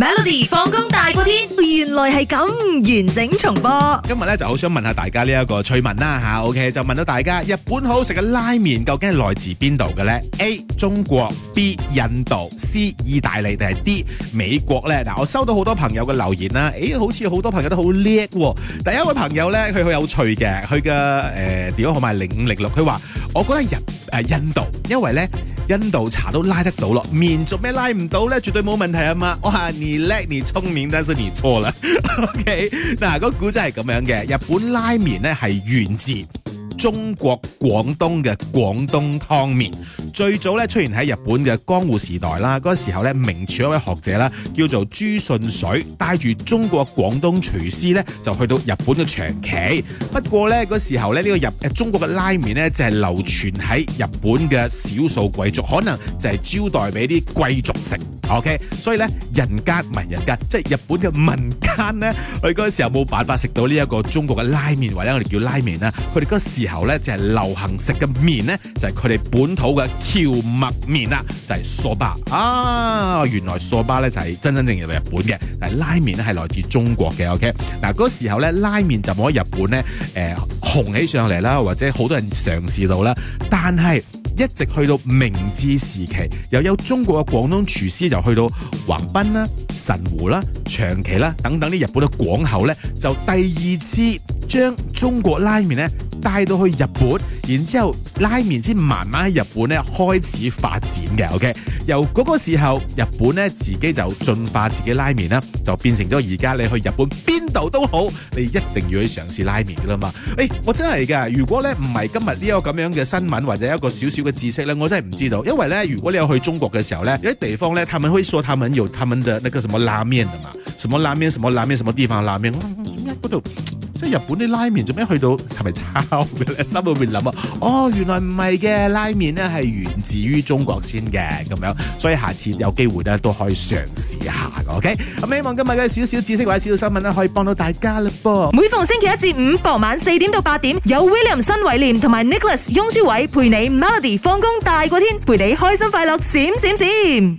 Melody 放工大過天，原來係咁完整重播。今日咧就好想問下大家呢一個趣聞啦吓，OK？就問到大家，日本好好食嘅拉麵究竟係來自邊度嘅咧？A. 中國，B. 印度，C. 意大利，定係 D. 美國咧？嗱，我收到好多朋友嘅留言啦，誒、欸，好似好多朋友都好叻喎。第一位朋友咧，佢好有趣嘅，佢嘅誒電話號碼零五零六，佢、呃、話我覺得日誒、啊、印度，因為咧。印度茶都拉得到咯，麵做咩拉唔到咧？絕對冇問題啊嘛！哇，你叻，你聰明，但是你錯啦。 OK，嗱，個古仔係咁樣嘅，日本拉麵咧係源自中國廣東嘅廣東湯麵。最早咧出現喺日本嘅江戶時代啦，嗰時候咧，明朝一位學者啦，叫做朱舜水，帶住中國廣東廚師咧，就去到日本嘅長崎。不過咧，嗰時候咧，呢個日中國嘅拉麵咧，就係流傳喺日本嘅少數貴族，可能就係招待俾啲貴族食。OK，所以咧，人間唔係人間，即係、就是、日本嘅民間咧，佢嗰時候冇辦法食到呢一個中國嘅拉麵，或者我哋叫拉麵啦。佢哋嗰時候咧，就係、是、流行食嘅麵咧，就係佢哋本土嘅。蕎麥麵啦，就係、是、嗦巴啊！原來嗦巴咧就係真真正正嚟日本嘅，但係拉麵咧係來自中國嘅。OK，嗱，嗰時候咧，拉麵就冇喺日本咧誒、呃、紅起上嚟啦，或者好多人嘗試到啦。但係一直去到明治時期，又有中國嘅廣東廚師就去到橫濱啦、神戶啦、長崎啦等等啲日本嘅港口咧，就第二次將中國拉麵咧。帶到去日本，然之後拉麵先慢慢喺日本咧開始發展嘅。OK，由嗰個時候，日本咧自己就進化自己拉麵啦，就變成咗而家你去日本邊度都好，你一定要去嘗試拉麵噶啦嘛。誒、欸，我真係噶，如果咧唔係今日呢個咁樣嘅新聞或者一個少少嘅知識咧，我真係唔知道。因為咧，如果你有去中國嘅時候咧，有啲地方咧，他們可以說他們有他們的那個什麼拉麵噶嘛，什麼拉麵，什麼拉麵，什麼地方拉麵。嗯日本啲拉麵做咩去到係咪抄嘅咧？心裏面諗啊，哦，原來唔係嘅，拉麵咧係源自於中國先嘅咁樣，所以下次有機會咧都可以嘗試一下嘅。OK，咁希望今日嘅少少知識或者少少新聞咧，可以幫到大家啦噃。每逢星期一至五傍晚四點到八點，有 William 新偉廉同埋 Nicholas 雍書偉陪你 Melody 放工大過天，陪你開心快樂閃閃閃。閃閃閃